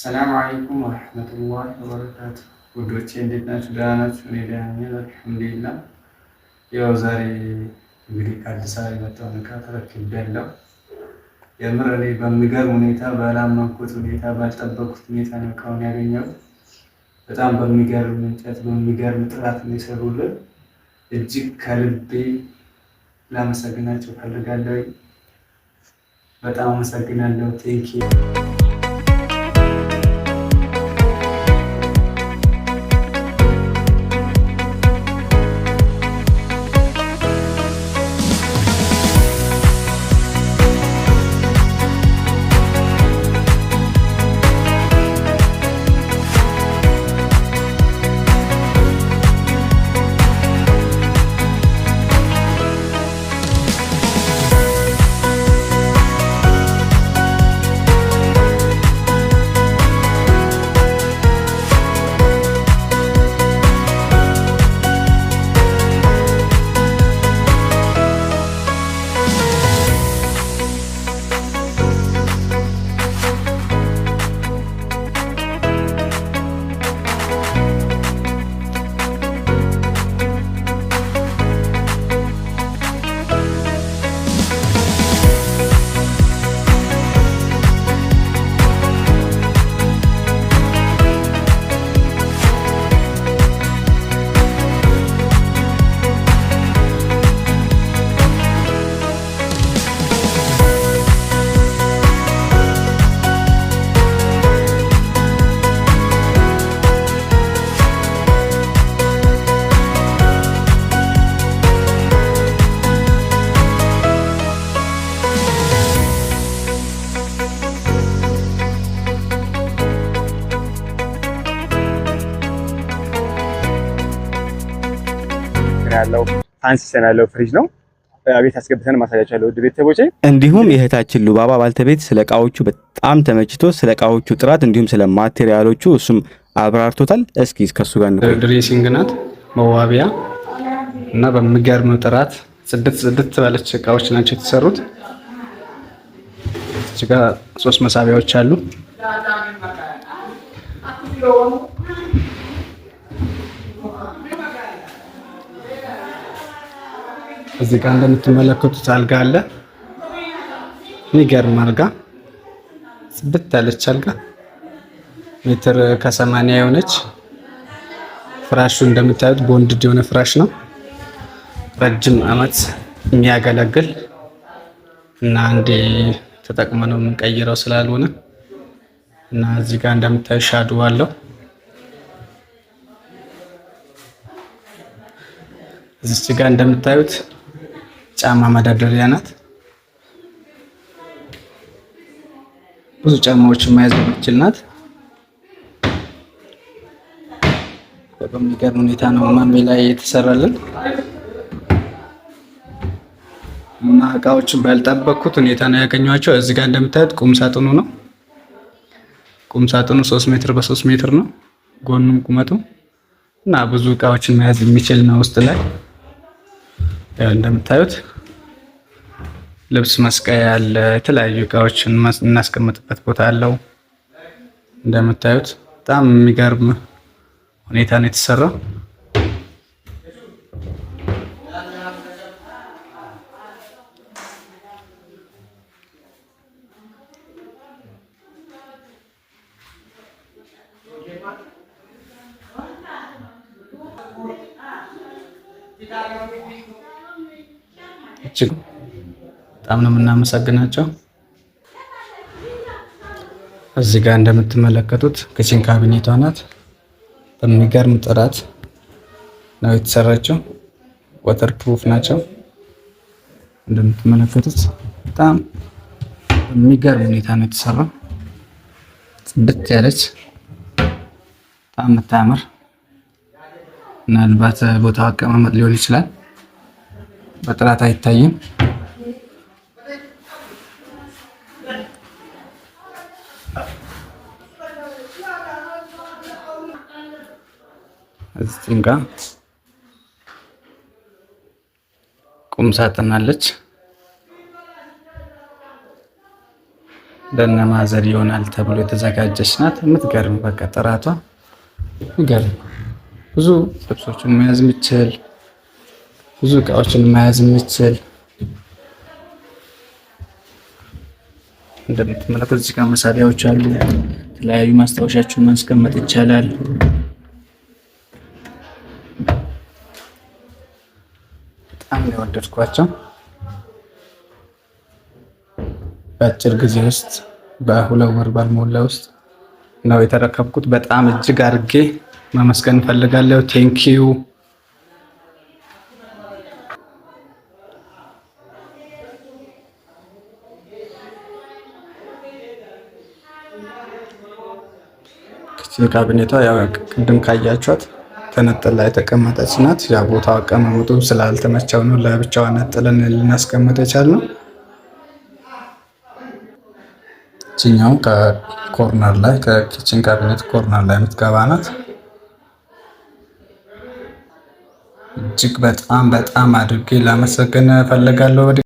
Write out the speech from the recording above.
ሰላም አለይኩም ወረህመቱላሂ ወበረካቱ። ውዶቼ እንዴት ናችሁ? ደህና ናችሁ? እኔ ደህና ነኝ አልሐምዱሊላህ። ያው ዛሬ እንግዲህ ከአዲስ አበባ የመጣውን ዕቃ ተረክቤያለሁ። የምር እኔ በሚገርም ሁኔታ፣ ባላመንኩት ሁኔታ፣ ባልጠበቅኩት ሁኔታ ነው ዕቃውን ያገኘሁት። በጣም በሚገርም እንጨት፣ በሚገርም ጥራት የሚሰሩልን እጅግ ከልቤ ላመሰግናቸው እፈልጋለሁ። በጣም አመሰግናለሁ። ቴንኪ ያለው ፋን ያለው ፍሪጅ ነው። ቤት አስገብተን ማሳያቸዋለሁ ውድ ቤተሰቦቼ። እንዲሁም የእህታችን ሉባባ ባልተቤት ስለ እቃዎቹ በጣም ተመችቶ ስለ እቃዎቹ ጥራት እንዲሁም ስለ ማቴሪያሎቹ እሱም አብራርቶታል። እስኪ ከሱ ጋር ነው። ድሬሲንግ ናት መዋቢያ እና በሚገርም ጥራት ጽድት ጽድት ባለች እቃዎች ናቸው የተሰሩት። እዚጋ ሶስት መሳቢያዎች አሉ። እዚህ ጋር እንደምትመለከቱት አልጋ አለ። የሚገርም አልጋ ጽብት ያለች አልጋ ሜትር ከሰማንያ የሆነች ፍራሹ እንደምታዩት ቦንድድ የሆነ ፍራሽ ነው። ረጅም አመት የሚያገለግል እና አንዴ ተጠቅመ ነው የምንቀይረው ስላልሆነ እና እዚህ ጋር እንደምታዩት ሻዱ አለው። እዚህ ጋር እንደምታዩት ጫማ መደርደሪያ ናት። ብዙ ጫማዎችን መያዝ የምትችል ናት። በሚገርም ሁኔታ ነው ማሜ ላይ የተሰራልን እና እቃዎችን ባልጠበቅኩት ሁኔታ ነው ያገኘኋቸው። እዚህ ጋር እንደምታዩት ቁም ሳጥኑ ነው። ቁም ሳጥኑ ሶስት ሜትር በሶስት ሜትር ነው ጎኑም ቁመቱ እና ብዙ እቃዎችን መያዝ የሚችል ነው ውስጥ ላይ እንደምታዩት ልብስ መስቀያ አለ። የተለያዩ እቃዎችን እናስቀምጥበት ቦታ አለው። እንደምታዩት በጣም የሚገርም ሁኔታ ነው የተሰራው። እጅግ በጣም ነው የምናመሰግናቸው። እዚህ ጋር እንደምትመለከቱት ክችን ካቢኔቷ ናት። በሚገርም ጥራት ነው የተሰራችው። ወተር ፕሩፍ ናቸው እንደምትመለከቱት በጣም በሚገርም ሁኔታ ነው የተሰራው። ጽድት ያለች በጣም የምታምር ምናልባት ቦታው አቀማመጥ ሊሆን ይችላል በጥራት አይታይም። እዚህም ጋር ቁም ሳጥን አለች። ለእነ ማዘር ይሆናል ተብሎ የተዘጋጀች ናት። የምትገርም በቃ ጥራቷ ይገርም። ብዙ ልብሶችን መያዝ የምችል ብዙ እቃዎችን መያዝ የምችል እንደምትመለከቱት እዚህ ጋር መሳቢያዎች አሉ። የተለያዩ ማስታወሻችሁን ማስቀመጥ ይቻላል። ያዘዝኳቸው በአጭር ጊዜ ውስጥ በሁለት ወር ባልሞላ ውስጥ ነው የተረከብኩት። በጣም እጅግ አድርጌ መመስገን እፈልጋለሁ። ቴንኪዩ። ካቢኔቷ ያው ቅድም ካያችኋት ላይ የተቀመጠች ናት። ያ ቦታ አቀማመጡ ስላልተመቸው ነው ለብቻዋ ነጥለን ልናስቀምጥ የቻልነው። እችኛው ከኮርነር ላይ ከኪችን ካቢኔት ኮርነር ላይ የምትገባ ናት። እጅግ በጣም በጣም አድርጌ ላመሰግን እፈልጋለሁ።